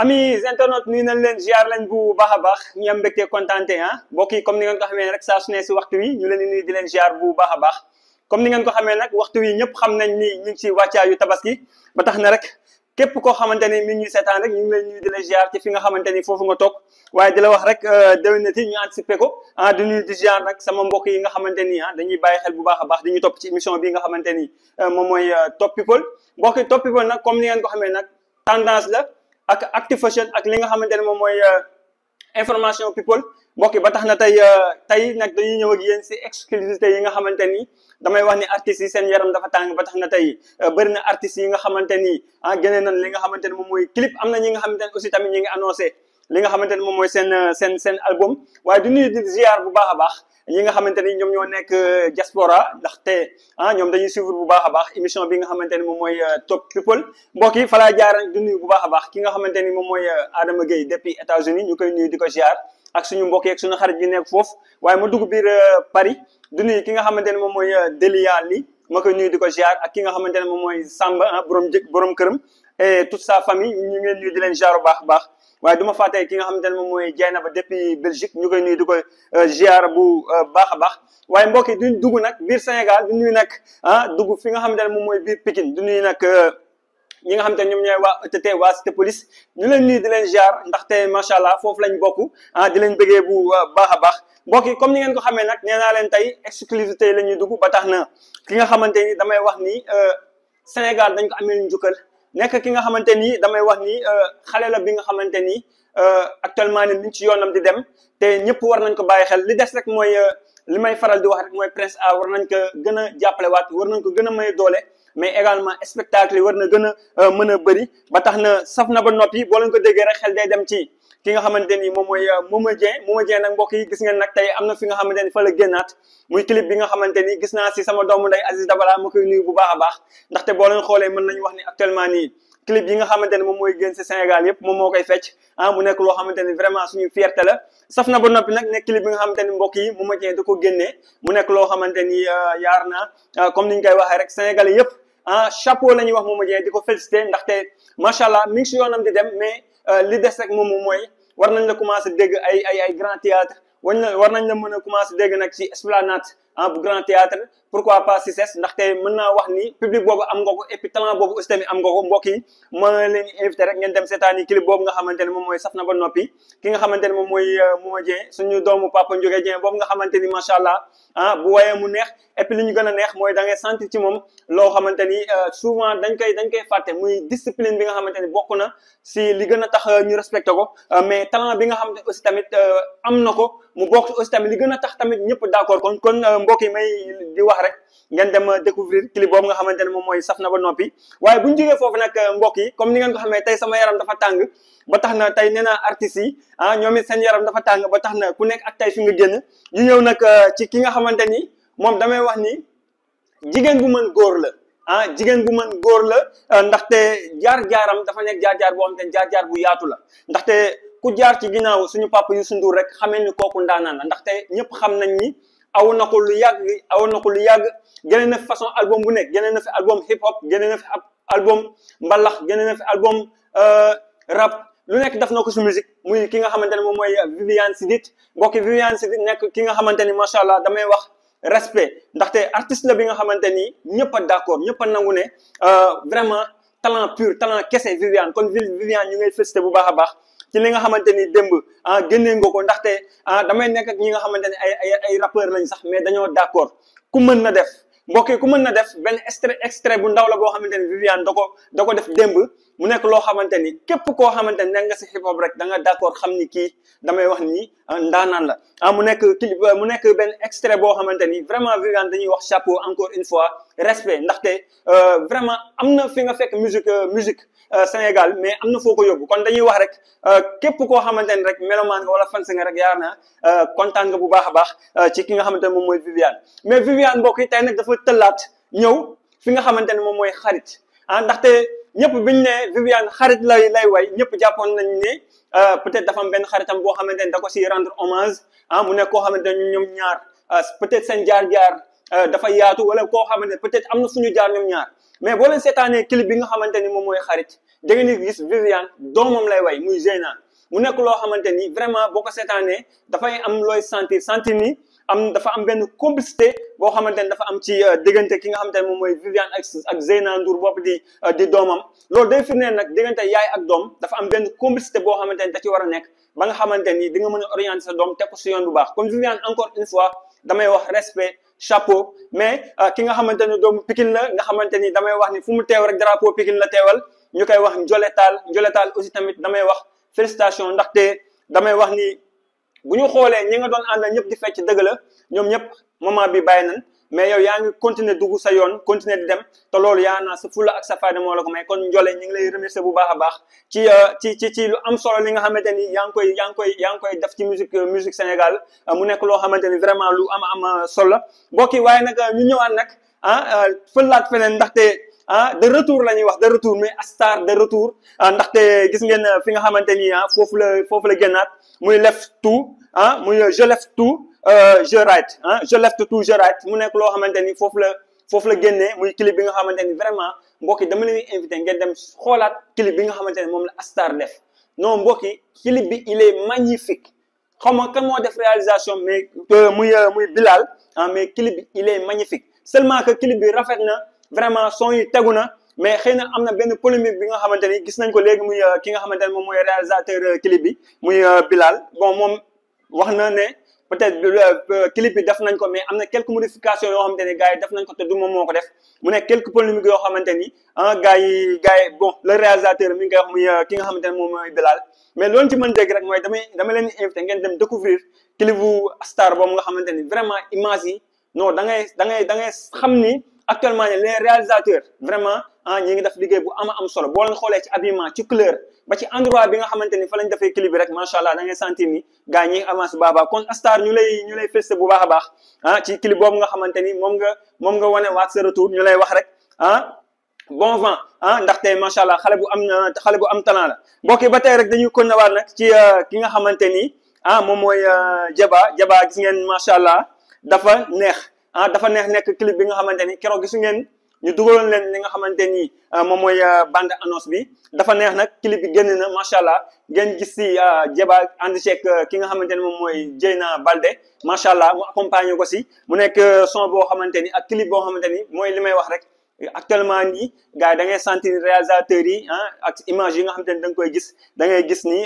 amis internet nuyu nañ leen ziar lañ bu baax a baax ñu am mbégte kontaante ah mbokk yi comme ni ngeen ko xamee rek saa ne si waxtu wi ñu leen di bu baax a baax comme ni ngeen ko xamee nag waxtu wi ñëpp xam nañ ni ñu ngi si wàccaayu tabaski ba tax na rek képp koo xamante ni mi ngi ñuy seetaan rek ñu ngi leen nuyu di la ziar ci fi nga xamante ni foofu nga toog waaye di la wax rek euh, déwénati ñu anticipé ko ah di nuyu di ziar nag sama mbokk yi nga xamante ni ah, dañuy bàyyi xel bu baax a baax di ñu topp ci émission bi nga xamante ni euh, moom mooy euh, Top People mbokk nag comme ni ngeen ko xamee nag tendance la ak Activision ak li nga xamante ne moom mooy euh, information people mbokk yi ba tax na tey euh, tey nag dañuy ñëw ak yéen si exclusivité yi nga xamante ni damay wax ni artistes yi seen yaram dafa tàng ba tax na tey euh, bëri na artistes yi nga xamante ni ah génne nañ li nga xamante ni moom mooy clip am na ñi nga xamante ni aussi tamit ñi ngi annoncé. li nga xamante ne moom mooy seen euh, seen seen album waaye du nuyu di ziar bu baax a baax ñi nga xamante ni ñoom ñoo nekk euh, diaspora ndaxte ah ñoom dañuy suivre bu baax a baax émission bi nga xamante ni moom mooy euh, Top People mbokk yi falaa jaar du nuyu bu baax a baax ki nga xamante ni moom mooy Adama Gueye depuis États-Unis ñu koy nuyu di ko ziar ak suñu mbokk yi ak suñu xarit yi nekk foofu waaye ma dugg biir Paris du nuyu ki nga xamante ni moom mooy Delia li ma koy nuyu di ko ziar ak ki nga xamante ne moom mooy Samba ah, borom jë borom këram et toute sa famille ñu ngi leen nuyu di leen ziar bu baax a baax waaye du ma ki nga xamante ne moom mooy ba depuis Belgique ñu koy nuyu du koy euh, ziar bu euh, baax a baax waaye mbokk yi duñ nag biir Sénégal du ñuy nag ah dugg fi nga xamante ne moom mooy biir Pikine du ñuy nag euh, ñi nga xamante ne ñoom ñooy waa ETT waas Cité Police ñu leen nuyu di leen ziar ndaxte macha allah foofu lañ bokk ah di leen bëggee bu baax a baax mbokk yi comme ni ngeen ko xamee nag nee leen tey exclusivité la ñuy dugg ba tax na ki nga xamante ni damay wax ni Sénégal dañ ko amee njukkal nekk ki nga xamante nii damay wax ni euh, xale la bi nga xamante ni euh, actuellement ni ñu ci yoonam di dem te ñëpp war nañ ko bàyyi xel li des rek mooy euh, li may faral di wax rek mooy Prince a war nañ ko gën a jàppale waat war nañ ko gën a may doole mais également spectacle yi war na gën a mën a bëri ba tax na saf na ba noppi boo leen ko déggee rek xel day dem ci ki nga xamante ni moom mooy euh, Momo Dieng Momo Dieng nag mbokk gis ngeen nag tey am na fi nga xamante ni fa la génnaat muy clip bi nga xamante ni gis naa si sama doomu nday Aziz Dabala ma leen xoolee mën nañu wax ni actuellement nii clip yi xamante ne moom mooy génn si Sénégal yëpp moo koy fecc ah mu nekk loo xamante ni vraiment suñu fierté la na ba noppi nag nekk clip nga xamante ni mbokk yi Momo Dieng ko génnee mu nekk loo xamante ni euh, yaar naa euh, comme ni ñu koy waxee rek sénégalais yëpp ah chapeau la ñuy wax Momo Dieng di ko félicité ndaxte macha allah mi ngi si yoonam di dem mais li des rek moom mooy war nañ la commencé dégg ay ay ay grand théâtre war nañ la mën a commencé dégg nag ci esplanade en ah, grand théâtre pourquoi pas CICES ndaxte mën naa wax ni public boobu am nga ko et talent boobu aussi tamit am na dem seetaani clip boobu nga xamante ne moom mooy saf na ba noppi ki nga ne moom mooy euh, Mouma Dieng suñu doomu Papa ni macha allah ah bu wayee mu neex a neex mooy da ngay sentir ci moom loo xamante ni euh, souvent dañ koy dañ koy fàtte muy discipline bi nga xamante ni bokk na si li gën a tax euh, ñu ko mais talent bi nga xamante aussi tamit am na ko mu bokk aussi tamit li gën a tax tamit ñëpp d'accord kon kon mbokk yi may di wax rek ngeen dem découvrir clip boobu nga xamante ne moom mooy saf na ba noppi waaye bu ñu jógee foofu nag euh, mbokk yi comme ni ngeen ko xamee tey sama yaram dafa tàng ba tax na tey nee naa artistes yi ah ñoom it seen yaram dafa tàng ba tax na ku nekk ak tey fi nga génn ñu ñëw nag euh, ci ki nga xamante ni moom damay wax ni jigéen bu mën góor la ah jigéen bu mën góor la euh, ndaxte jaar-jaaram dafa nekk jaar-jaar boo xam te jaar-jaar bu yaatu la ndaxte ku jaar ci ginnaaw suñu papa Youssou Ndour rek xamee ni kooku ndaanaan la ndaxte ñëpp xam nañ ni Il na ko lu albums hip ko lu na façon album bu na album hip hop génne na fi album mbalax euh, na rap lu nek def nako su musique muy ki nga xamanteni mom moy Viviane Sidit. Viviane Sidit ki nga xamanteni damay wax respect ndaxte artiste la bi nga d'accord Viviane a euh, vraiment talent pur talent Viviane kon Viviane ñu ci li nga xamante ni démb ah génnee nga ko ndaxte ah damay nekk ak ñi nga xamante ne ay ay ay rappeur lañ sax mais dañoo d'accord ku mën na def mbokk ku mën na def benn extrait extrait bu ndaw la boo xamante ni Viviane da ko da ko def démb mu nekk loo xamante ni képp koo xamante ne nekk nga si hip rek da nga d'accord xam ni kii damay wax ni ah, ndaanaan la ah mu nekk clip mu nekk benn extrait boo xamante ni vraiment Viviane dañuy wax chapeau encore une fois respect ndaxte euh, vraiment am na fi nga fekk musique euh, musique Euh, Sénégal mais am na foo ko yóbbu kon dañuy wax rek euh, képp koo xamante ni rek melomaan nga wala fans nga rek yaakaar na euh, kontaan nga bu baax a baax ci ki nga xamante ne moom mooy Viviane mais Viviane mbokk yi tey dafa tëllaat ñëw fi nga xamante ne moom mooy xarit ah ndaxte ñëpp biñ ne Viviane xarit lay lay way ñëpp jàppoon nañ ne peut-être dafa am benn xaritam boo xamante ne da ko si rendre hommage ah, mu nekk koo xamante ne ñoom ñaar peut-être seen jaar-jaar dafa yaatu wala koo xamante ne peut-être am na fu ñu jaar ñoom ñaar mais boo leen seetaanee clip bi nga xamante ni moom mooy xarit da ngeen di gis Viviane doomam lay way muy Zeyna mu nekk loo xamante ni vraiment boo ko seetaanee dafay am looy sentir sentir ni am dafa am benn complicité boo xamante ni dafa am ci euh, diggante ki nga xamante ni moom mooy Viviane ak ak Zeyna bopp di euh, di doomam loolu day firndeel nag diggante yaay ak doom dafa am benn complicité boo xamante ni da ci war a nekk ba nga xamante ni di nga mën a orienter sa doom teg ko si yoon bu baax comme Viviane encore une fois damay wax respect chapeau mais euh, ki nga xamante ni doomu Pikine la nga xamante ni damay wax ni fu mu teew rek drapeau pikin la teewal ñu koy wax Ndiolé Tall aussi tamit damay wax félicitation ndaxte damay wax ni bu ñu xoolee ñi nga doon àndal ñëpp di fecc dëgg la ñoom ñëpp moment bi bàyyi nañ mais yow yaa ngi continuer dugg sa yoon continuer di dem te loolu yaa naa sa fulla ak sa fayda moo la ko may kon Ndiolé ñu ngi lay remercier bu baax a baax ci euh, ci ci ci lu am solo li nga xamante ni yaa ngi koy yaa ngi koy yaa def ci musique euh, musique Sénégal euh, mu nekk loo xamante ni vraiment lu am am solo la mbokk yi waaye nag ñu ñëwaat nag ah laat feneen ndaxte ah de retour la ñuy wax de retour mais star de retour ndaxte gis ngeen fi nga xamante ni ah foofu la foofu la génnaat muy lef tout ah muy je tout Euh, je rate hein je lève tout je rate mu nek lo xamanteni ni la foofu la génnee muy clip bi nga xamanteni vraiment mbokki dama leen invité ngeen dem xolaat clip bi nga xamanteni mom la Astar def non mbokki clip bi il est magnifique xaw ma kan moo def réalisation mais euh, muy euh, muy Bilal ah, mais clip bi il est magnifique seulement que clip bi rafet na vraiment son yi mais xeyna amna ben polémique bi nga xamanteni gis nañ ko légui muy ki nga xamanteni mom moy réalisateur clip bi muy Bilal bon mom waxna né peut-être le euh, clip bi def nañ ko mais amna quelques modifications yo xamanteni gaay def nañ ko te du moom def mu ne quelques polémiques yo xamanteni ni gaay ah, gaay bon le réalisateur mi ngi wax muy euh, ki nga xamanteni ne moom Bilal mais loolu ci mën dégg rek moy damay dama leen inviter ngeen dem découvrir clip bu star boobu nga xamanteni vraiment image yi non da ngay da ngay da ngay xamni actuellement les réalisateurs vraiment ah ñi ngi def liggéey bu ama am solo boo leen xoolee ci habillement ci couleur ba ci endroit bi nga xamante ni fa lañ defee clip bi rek macha allah da ngay ni gars ñi ngi a baax kon Astar lay ñu lay félicité baax a baax ah ci clip xamante ni moom nga moom nga wane waat sa retour ñu lay wax rek ah bon vent ah ndaxte macha allah xale bu am xale bu am talent mbokk yi ba tey rek dañuy konnewaat nag ci euh, ki nga xamante ni ah moom mooy euh, Jaba Jaba gis ngeen macha allah dafa neex ah dafa neex nekk clip bi nga xamante ni keroog gisu ngeen ñu dugaloon leen li nga xamante ni euh, moom mooy euh, bande annonce bi dafa neex nag clip bi génn na macha allah ngeen gis si euh, Jeeba ànd ceeg ki nga xamante ni moom mooy Dieyna Balde macha allah mu ko si mu nekk son boo xamante ni ak clip boo xamante ni mooy li may wax rek. actuellement nii gars dangay da ngay sentir réalisateurs yi ah ak image yi nga xamante ni da nga koy gis da ngay gis ni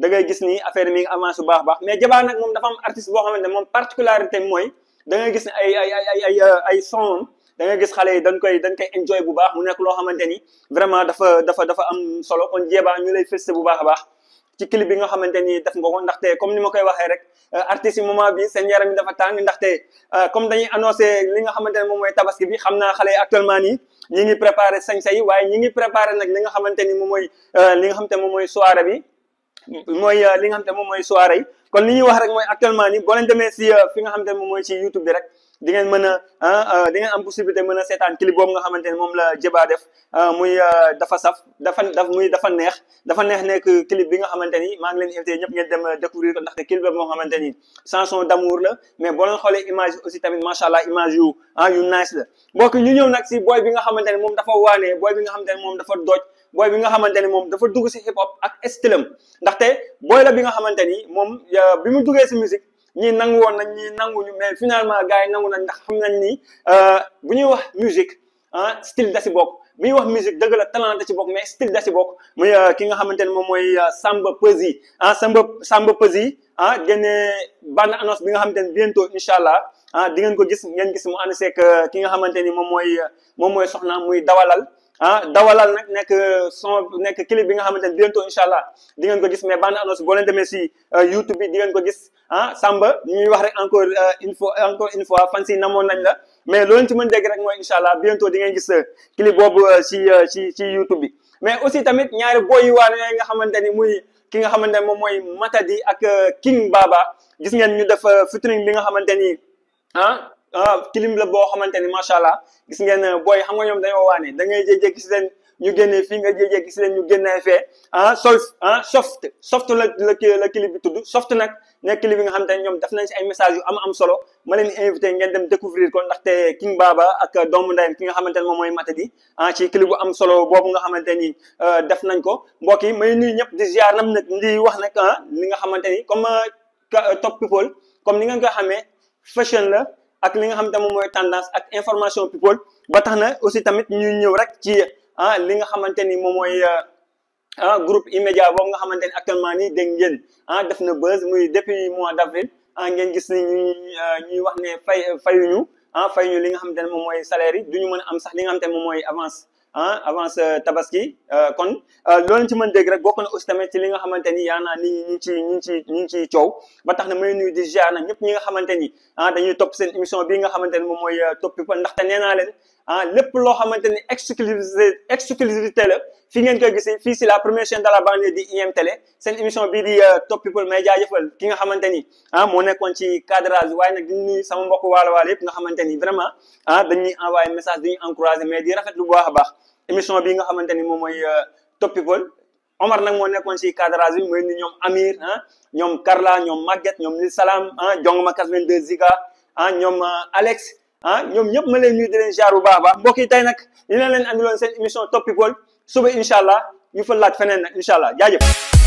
da ngay gis ni affaire mi ngi avancé bu baax baax mais Jeeba nag moom dafa am artiste boo xamante ne moom particularité mooy da ngay gis ne ay ay ay ay son da nga gis xale yi dañ koy dañ koy enjoy bu baax mu nekk loo xamante ni vraiment dafa dafa dafa am solo kon jeebaa ñu lay félicité bu baax a baax ci clip bi nga xamante ni def nga ko ndaxte comme ni ma koy waxee rek euh, artiste moment bi seen yaram dafa tàng ndaxte euh, comme dañuy annoncé li nga xamante ne moom mooy tabaski bi xam naa xale yi actuellement nii ñi ngi préparé sañse yi waaye ñi ngi préparé nag li nga xamante ni moom mooy euh, li nga xamante moom mooy soirée bi mooy li nga xamante moom mooy soirée yi kon li ñuy wax rek mooy actuellement nii boo demee si fi nga xamante moom mooy ci YouTube bi rek di ngeen mën a ah, ah, di ngeen am possibilité mën a seetaan clip boobu nga xamante ne moom la jëbaa def ah, muy dafa saf dafa muy dafa neex dafa neex nekk clip bi nga xamante ni maa ngi leen ñëpp ngeen dem découvrir ko ndaxte clip boobu moo xamante ni chanson d'amour la boo leen image aussi tamit macha allah image yu ah ñëw nag si boy bi nga xamante ne moom dafa waanee boy bi nga xamante ne moom dafa dooj booy bi nga xamante moom dafa dugg si hip hop ak stylam ndaxte booy la bi nga xamante ni moom bi mu duggee si musique ñi nang woon nañ ñi nangu ñu mais finalement gars yi nangu nañ ndax xam nañ ni euh, bu ñuy wax musique ah style da bok. bokk muy wax musique dëgg la talent da ci bokk mais style da ci bokk muy euh, ki nga xamantene moom mooy euh, samba pesi ah samba samba pesi ah gene ban annonce bi nga xamantene bientôt inshallah ah di ngeen ko gis ngeen gis mu ànd seeg ki nga xamantene moom mooy moom mooy soxna muy dawalal ah dawalal nak nek son nek clip bi nga xamanteni bientôt inshallah di ngeen ko gis mais bande annonce bo len demé ci uh, youtube bi di ngeen ko gis ah ha? samba ñu wax rek encore uh, info encore une fois fancy namo nañ la mais lo len ci mën deg rek moy inshallah bientôt di ngeen gis clip bobu ci ci ci youtube bi mais aussi tamit ñaari boy yi waane nga xamanteni muy ki nga xamanteni mom moy matadi ak king baba gis ngeen ñu def uh, featuring bi nga xamanteni ah ha? kilim ah, la boo xamante ni macha allah gis ngeen euh, booy xam nga ñoom dañoo waane da ngay jékki-jékki si leen ñu génnee fii nga jékki-jékki si leen ñu génnee fee ah sol ah soft soft la la la clip bi tudd soft nag nekk clip bi nga xamante ne ñoom def nañ si ay message yu am am solo ma leen invité ngeen dem découvrir ko ndaxte King Baba ak doomu ndeyam ki nga xamante ne moom mooy Matadi ah ci clip bu am solo boobu nga xamante ni euh, def nañ ko mbokk yi may nii ñëpp di ziar nam nag di wax nag ah li nga xamante ni comme euh, top comme ni ngeen ko xamee fashion la. ak li nga xam ne moom mooy tendance ak information people ba tax na aussi tamit ñu ñëw rek ci ah li nga xamante ni moom mooy ah, ah groupe immédiat boobu nga xamante ni actuellement nii dégg ngeen ah def na buzz muy depuis mois d'avril ah ngeen gis ni ñuy ah, ñuy wax ne fay fayuñu ah fayuñu li nga xamante ne moom mooy salaire yi du ñu mën am sax li nga xamante ne moom mooy avance. ah avant sa tabaski euh, kon euh, loolu ci man dégg rek bokk na aussi tamit ci li nga xamante ni yaa naa nit ñi ñu ci ñu ngi ñu ngi ciy coow ba tax na may nuyu di ziar nag ñëpp ñi nga xamante ni ah dañuy topp seen émission bii xamante ni moom mooy euh, Top People ndaxte nee naa leen ah lépp loo xamante ni exclusivité exclusivité la fi ngeen koy gisee fii si la première chaîne de la banlieue di IM Télé seen émission bii di Top People may jaajëfal ki nga xamante ni ah moo nekkoon ci cadrage waaye nag di nuyu sama mbokk waalo waalo yëpp nga xamante ni vraiment ah dañuy envoyé message dañuy encouragé di rafetlu bu baax a émission bi nga xamante ni moom mooy euh, Top People Omar nag moo nekkoon si cadrage bi mooy ni ñoom Amir ah ñoom Carla ñoom Maguette ñoom salaam Salam ah Jongma 82 Ziga ah ñoom euh, Alex ah ñoom ñëpp ma leen nuyu di leen jaaru baax a yi tey nag li na leen andiloon seen émission Top People suba incha allah ñu fa laaj feneen nag incha allah jaajëf